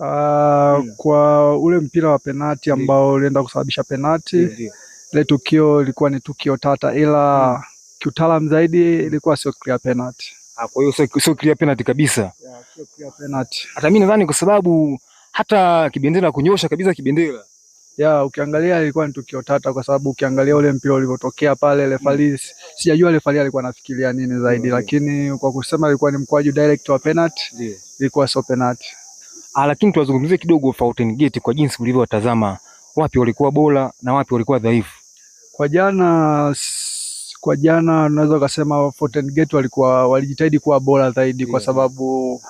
uh, yeah. kwa ule mpira wa penati ambao ulienda yeah. kusababisha penati yeah, Ile tukio ilikuwa ni tukio tata, ila yeah. Hmm. kiutaalamu zaidi ilikuwa sio clear penati. Ah, kwa hiyo sio clear penati kabisa. sio clear penati. Hata mimi nadhani kwa sababu hata kibendera kunyosha kabisa kibendera ya ukiangalia ilikuwa ni tukio tata, kwa sababu ukiangalia ule mpira ulivyotokea pale refari mm. sijajua refari alikuwa anafikiria nini zaidi mm. lakini kwa kusema ilikuwa ni mkwaju direct wa penalty, ilikuwa yeah. sio penalty. Ah, lakini tuwazungumzie kidogo Fountain Gate kwa jinsi ulivyowatazama, wapi walikuwa bora na wapi walikuwa dhaifu? Kwa jana kwa jana unaweza ukasema Fountain Gate walikuwa walijitahidi kuwa bora zaidi, yeah. kwa sababu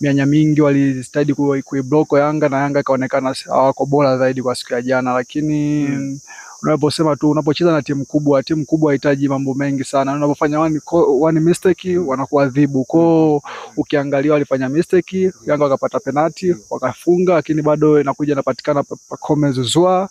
mianya mingi walijitahidi kuibloko Yanga na Yanga ikaonekana hawako bora zaidi kwa siku ya jana, lakini mm unaposema tu, unapocheza na timu kubwa, timu kubwa haitaji mambo mengi sana. Unapofanya one, one mistake wanakuadhibu. Kwa ukiangalia walifanya mistake, Yanga wakapata penati wakafunga, lakini bado inakuja inapatikana Pacome Zouzoua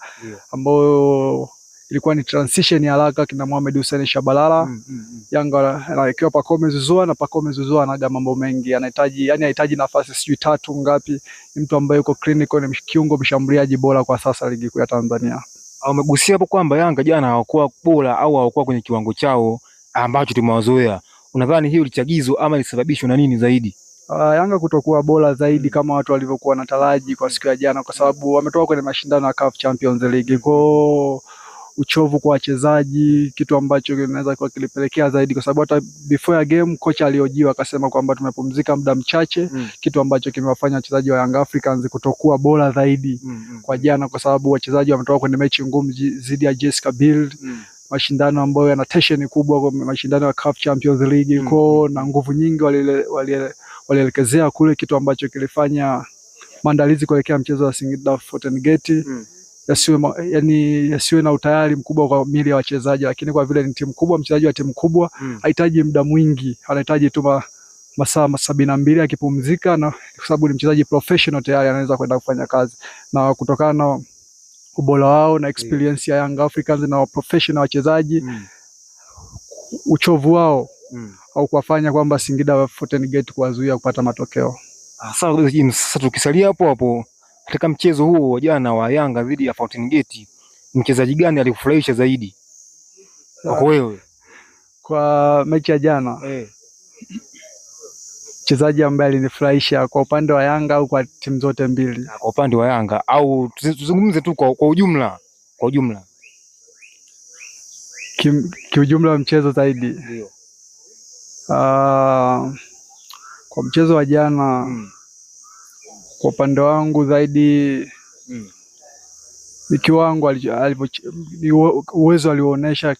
ambayo ilikuwa ni transition ya haraka kina Mohamed Hussein Shabalala mm, mm, mm. Yanga anawekewa Pacome Zouzoua na Pacome Zouzoua anaga mambo mengi, anahitaji yani anahitaji nafasi sijui tatu ngapi. Ni mtu ambaye yuko clinical, ni kiungo mshambuliaji bora kwa sasa ligi kuu ya Tanzania wamegusia hapo kwamba Yanga jana hawakuwa bora au hawakuwa kwenye kiwango chao ambacho tumewazoea. Unadhani hiyo ilichagizwa ama ilisababishwa na nini zaidi? Uh, Yanga kutokuwa bora zaidi kama watu walivyokuwa wanataraji kwa siku ya jana, kwa sababu wametoka kwenye mashindano ya CAF Champions League kwao uchovu kwa wachezaji, kitu ambacho kinaweza kuwa kilipelekea zaidi, kwa sababu hata before ya game kocha aliojiwa akasema kwamba tumepumzika muda mchache mm. kitu ambacho kimewafanya wachezaji wa Young Africans kutokuwa bora zaidi mm -hmm. kwa mm. jana, kwa sababu wachezaji wametoka kwenye mechi ngumu zidi ya Jessica Kabylie mm mashindano ambayo yana tension kubwa kwa mashindano ya CAF Champions League mm. ko mm. na nguvu nyingi walielekezea kule, kitu ambacho kilifanya maandalizi kuelekea mchezo wa Singida Fountain Gate mm yasiwe, yani, yasiwe na utayari mkubwa kwa miili ya wachezaji, lakini kwa vile ni timu kubwa, mchezaji wa timu kubwa hmm. hahitaji muda mwingi, anahitaji tu masaa sabini na mbili akipumzika, na kwa sababu ni mchezaji professional tayari anaweza kwenda kufanya kazi, na kutokana na ubora wao na experience ya Young Africans na professional wachezaji mm. uchovu wao mm. au kuwafanya kwamba Singida Fountain Gate kuwazuia kupata matokeo. Sasa tukisalia hapo hapo katika mchezo huo wa jana wa Yanga dhidi ya Fountain Gate, mchezaji gani alikufurahisha zaidi ah, kwako wewe kwa mechi ya jana? Eh, mchezaji ambaye alinifurahisha kwa upande wa Yanga au kwa timu zote mbili? Ah, kwa upande wa Yanga au tuzungumze tu kwa, kwa ujumla kwa ujumla kiujumla wa mchezo zaidi. Ndio. Uh, kwa mchezo wa jana hmm. Kwa upande wangu zaidi mm. ni kiwango uwezo alioonesha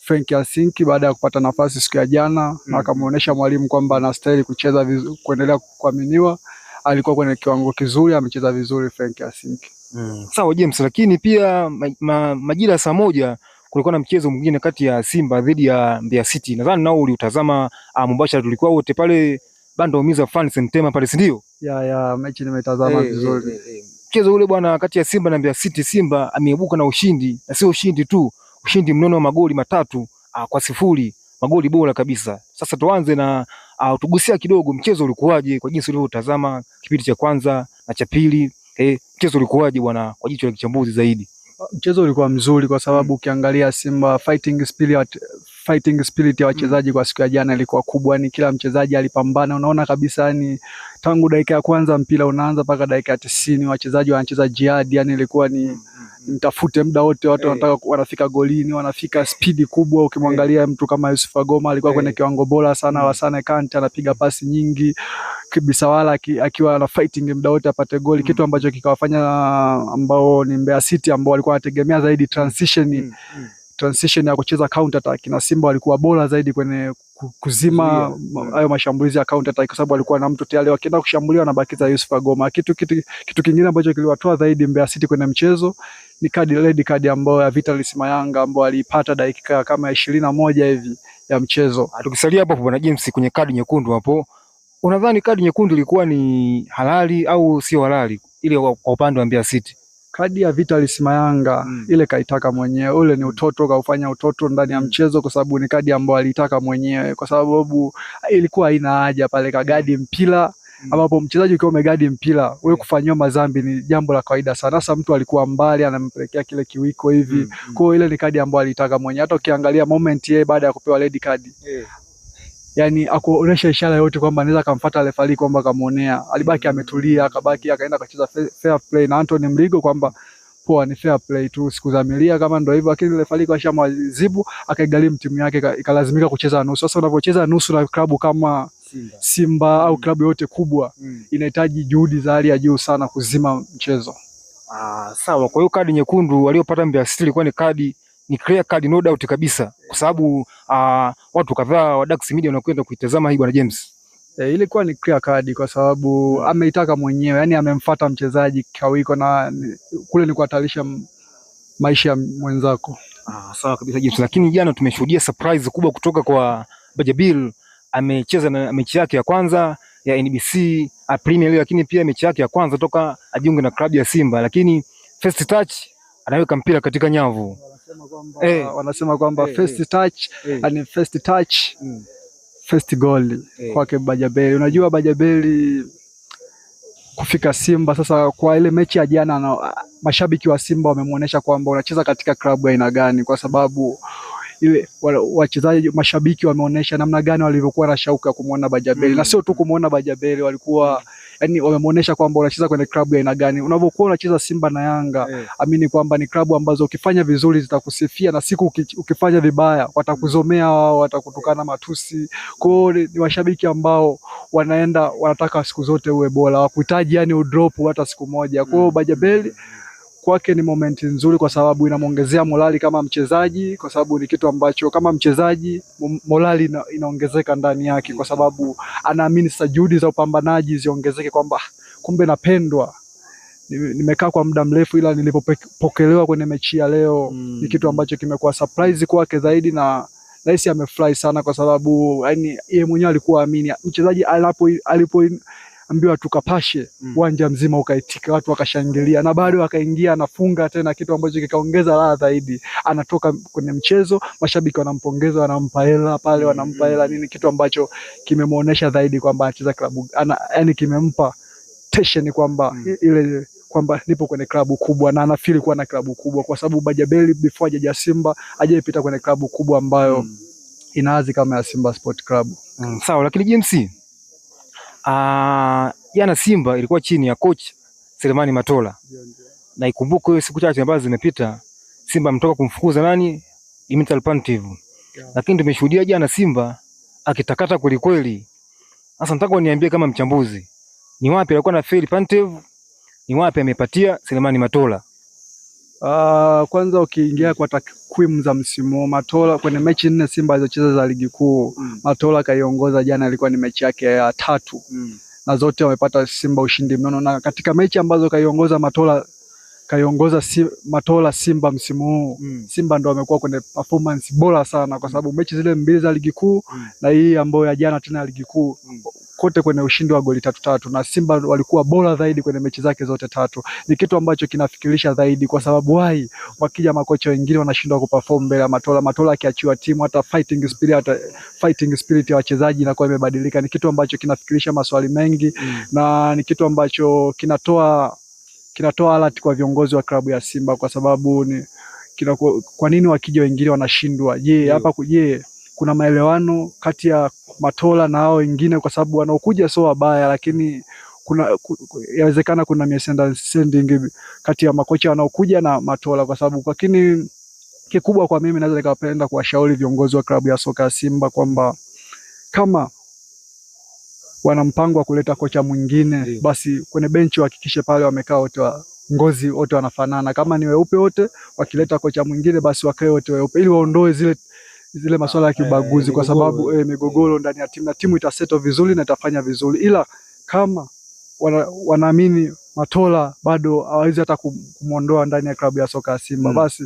Frank Yasinki baada ya kupata nafasi siku ya jana mm. na hmm. mwalimu kwamba anastahili kucheza vizuri, kuendelea kuaminiwa. Alikuwa kwenye kiwango kizuri, amecheza vizuri Frank Yasinki mm. Sawa James, lakini pia ma, ma, majira ya saa moja kulikuwa na mchezo mwingine kati ya Simba dhidi ya Mbeya City, nadhani nao uliutazama ah, mubashara, tulikuwa wote pale bando umiza fans Ntema pale, si ndio? ya ya mechi nimetazama eh, vizuri hey, eh, eh, Mchezo ule bwana, kati ya Simba na Mbeya City, Simba ameibuka na ushindi, na sio ushindi tu, ushindi mnono wa magoli matatu a, ah, kwa sifuri, magoli bora kabisa. Sasa tuanze na ah, tugusia kidogo mchezo ulikuwaje kwa jinsi ulivyotazama kipindi cha kwanza na cha pili eh, mchezo ulikuwaje bwana, kwa jicho la kichambuzi zaidi? Mchezo ulikuwa mzuri kwa sababu mm. ukiangalia Simba fighting spirit, fighting spirit ya mm. wachezaji kwa siku ya jana ilikuwa kubwa, ni kila mchezaji alipambana. Unaona kabisa ni tangu dakika ya kwanza mpira unaanza mpaka dakika ya tisini wachezaji wanacheza jihadi, yani ilikuwa ni mm, mm, mtafute muda wote, watu eh. wanataka hey. wanafika golini, wanafika spidi kubwa. Ukimwangalia hey. Eh. mtu kama Yusuf Agoma alikuwa hey. kwenye eh. kiwango bora sana. Lassana Kante anapiga pasi nyingi, wala ki, akiwa na fighting muda wote apate goli hmm. kitu ambacho kikawafanya ambao ni Mbeya City ambao walikuwa wanategemea zaidi transition hmm transition ya kucheza counter attack, na Simba walikuwa bora zaidi kwenye kuzima hayo yeah, yeah, mashambulizi ya counter attack, kwa sababu walikuwa na mtu tayari, wakienda kushambuliwa na baki za Yusuf Agoma. Kitu, kitu, kitu kingine ambacho kiliwatoa zaidi Mbeya City kwenye mchezo ni kadi red card ambayo ya Vitalis Mayanga ambayo alipata dakika kama ishirini na moja hivi ya mchezo. Ah, tukisalia hapo bwana James, kwenye kadi nyekundu hapo, unadhani kadi nyekundu ilikuwa ni halali au sio halali ile kwa upande wa Mbeya City? kadi ya Vitali Simayanga mm. ile kaitaka mwenyewe, ule ni mm. utoto, kaufanya utoto ndani ya mm. mchezo, kwa sababu ni kadi ambayo alitaka mwenyewe, kwa sababu eh, ilikuwa haina haja pale, kagadi mm. mpira ambapo mchezaji ukiwa umegadi mpira wewe kufanyiwa madhambi ni jambo la kawaida sana. Sasa mtu alikuwa mbali, anampelekea kile kiwiko hivi mm, mm. Kwa hiyo ile ni kadi ambayo alitaka mwenyewe. Hata ukiangalia moment yeye baada ya kupewa red card yeah yani akuonesha ishara yote kwamba anaweza akamfuata refari kwamba akamuonea. Alibaki ametulia, akabaki akaenda akacheza fair play na Anthony Mligo kwamba poa, ni fair play tu, sikuzamilia kama ndio hivyo, lakini refari kashamwazibu, akaigharimu timu yake, ikalazimika kucheza nusu. Sasa unapocheza nusu na klabu kama Simba, Simba au mm. klabu yote kubwa mm, inahitaji juhudi za hali ya juu sana kuzima mchezo. Ah, sawa. Kwa hiyo kadi nyekundu waliopata Mbeya City ilikuwa ni kadi ni clear card, no doubt kabisa, kwa sababu uh, watu kadhaa wa Dax Media wanakwenda kuitazama hii bwana James. E, ilikuwa ni clear card kwa sababu ameitaka mwenyewe, yani amemfuata mchezaji kawiko na kule ni kuhatarisha maisha ya mwenzako. Ah, sawa kabisa James, lakini jana tumeshuhudia surprise kubwa kutoka kwa Bajabil. Amecheza na mechi yake ya kwanza ya NBC Premier League, lakini pia mechi yake ya kwanza toka ajiunge na klabu ya Simba, lakini first touch anaweka mpira katika nyavu eh, wanasema kwamba eh, first eh. touch eh, and first touch mm, first goal eh, kwake Bajabeli. Unajua Bajabeli kufika Simba sasa, kwa ile mechi ya jana na mashabiki wa Simba wamemwonyesha kwamba unacheza katika klabu aina gani, kwa sababu ile wachezaji mashabiki wameonyesha namna gani walivyokuwa na shauku ya kumwona Bajabeli mm, na sio tu kumwona Bajabeli walikuwa mm yani wamemuonesha kwamba unacheza kwenye klabu ya aina gani. Unavyokuwa unacheza Simba na Yanga yeah. amini kwamba ni klabu ambazo ukifanya vizuri zitakusifia na siku ukifanya vibaya watakuzomea wao, watakutukana matusi. Kwao ni washabiki ambao wanaenda wanataka siku zote uwe bora, wakuhitaji yani udrop hata siku moja. Kwao mm. Bajabeli mm kwake ni momenti nzuri, kwa sababu inamwongezea morali kama mchezaji, kwa sababu ni kitu ambacho kama mchezaji morali ina, inaongezeka ndani yake, kwa sababu anaamini sasa juhudi za upambanaji ziongezeke, kwamba ah, kumbe napendwa nimekaa kwa muda mrefu, ila nilipopokelewa kwenye mechi ya leo mm. ni kitu ambacho kimekuwa surprise kwake zaidi, na nahisi amefurahi sana, kwa sababu yani yeye mwenyewe alikuwa amini mchezaji alipo ambiwa tukapashe mm. uwanja mm. mzima ukaitika, watu wakashangilia, na bado akaingia anafunga tena kitu ambacho kikaongeza raha zaidi. Anatoka kwenye mchezo, mashabiki wanampongeza, wanampa hela pale, mm. wanampa hela nini, kitu ambacho kimemwonyesha zaidi kwamba anacheza klabu, yani kimempa tension kwamba mm. ile kwamba nipo kwenye klabu kubwa na anafili kuwa na klabu kubwa, kwa sababu Bajabeli before hajaja Simba hajaipita kwenye klabu kubwa ambayo mm. inaazi kama ya Simba Sport Club mm. Sawa, lakini James Ah, jana Simba ilikuwa chini ya coach Selemani Matola, na ikumbuko hiyo siku chache ambazo zimepita Simba ametoka kumfukuza nani Imital Pantev, lakini tumeshuhudia jana Simba akitakata kweli kweli. Sasa nataka uniambie kama mchambuzi, ni wapi alikuwa na feli Pantev, ni wapi amepatia Selemani Matola? Uh, kwanza ukiingia kwa takwimu za msimu Matola kwenye mechi nne Simba alizocheza za ligi kuu mm. Matola kaiongoza jana, ilikuwa ni mechi yake ya tatu mm. na zote wamepata Simba ushindi mnono, na katika mechi ambazo kaiongoza Matola kaiongoza si, Matola Simba msimu huu mm. Simba ndo amekuwa kwenye performance bora sana, kwa sababu mechi zile mbili za ligi kuu mm. na hii ambayo ya jana tena ya ligi kuu mm kote kwenye ushindi wa goli tatu tatu, na Simba walikuwa bora zaidi kwenye mechi zake zote tatu. Ni kitu ambacho kinafikirisha zaidi, kwa sababu wai wakija makocha wengine wanashindwa kuperform mbele ya Matola. Matola akiachiwa timu, hata fighting spirit, hata fighting spirit ya wachezaji inakuwa imebadilika. Ni kitu ambacho kinafikirisha maswali mengi mm, na ni kitu ambacho kinatoa kinatoa alert kwa viongozi wa klabu ya Simba kwa sababu ni, kwa nini wakija wengine wanashindwa? Je, hapa je kuna maelewano kati ya Matola na hao wengine, kwa sababu wanaokuja sio wabaya, lakini kuna yawezekana kuna misunderstanding kati ya makocha wanaokuja na Matola kwa sababu, lakini kikubwa kwa mimi naweza nikapenda kuwashauri viongozi wa klabu ya soka ya Simba kwamba kama wana mpango wa kuleta kocha mwingine yeah. basi kwenye benchi wahakikishe pale wamekaa wote wa ngozi wote wanafanana, kama ni weupe wote, wakileta kocha mwingine basi wakae wote weupe, ili waondoe zile zile masuala ya ah, eh, kiubaguzi, kwa sababu eh, migogoro ndani ya timu na timu itaseto vizuri na itafanya vizuri, ila kama wanaamini wana Matola bado hawezi hata kumwondoa ndani ya klabu ya soka ya Simba, mm. basi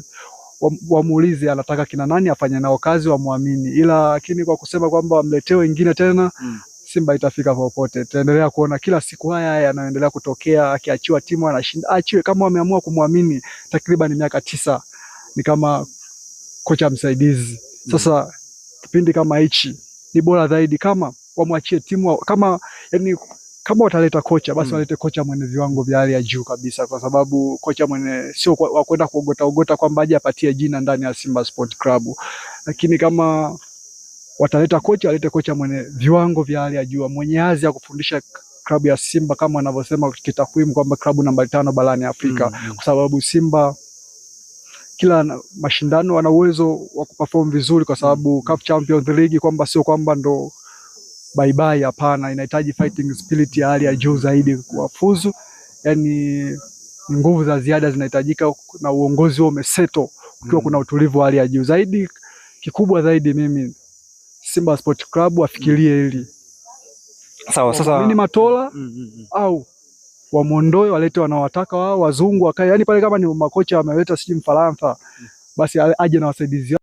wamuulize anataka kina nani afanye nao kazi, wamwamini. Ila lakini kwa kusema kwamba wamletee wengine tena mm. Simba itafika popote. Tutaendelea kuona kila siku haya haya yanayoendelea kutokea, akiachiwa timu anashinda, achiwe. Kama wameamua kumwamini takriban miaka tisa, ni kama kocha msaidizi sasa kipindi kama hichi ni bora zaidi kama wamwachie timu kama yani, kama wataleta kocha basi mm. walete kocha mwenye viwango vya hali ya juu kabisa, kwa sababu kocha mwenye sio wa kwenda kuogota ogota kwamba aje apatie jina ndani ya Simba Sport Club. Lakini kama wataleta kocha, walete kocha mwenye viwango vya hali ya juu, mwenye azi ya kufundisha klabu ya Simba kama wanavyosema kitakwimu kwamba klabu namba tano barani Afrika mm -hmm. kwa sababu Simba kila mashindano wana uwezo wa kuperform vizuri, kwa sababu mm. CAF Champions League kwamba sio kwamba ndo bye bye, hapana. Inahitaji fighting spirit ya hali ya juu zaidi kuwafuzu, yani nguvu za ziada zinahitajika, na uongozi huo umeseto ukiwa mm. kuna utulivu wa hali ya juu zaidi. Kikubwa zaidi mimi Simba Sport Club afikirie hili sawa. Sasa mimi Matola mm, -hmm. au wamwondoe, walete wanaowataka wao, wazungu wakae. Yani pale kama ni makocha wameleta sijui Mfaransa, basi aje na wasaidizi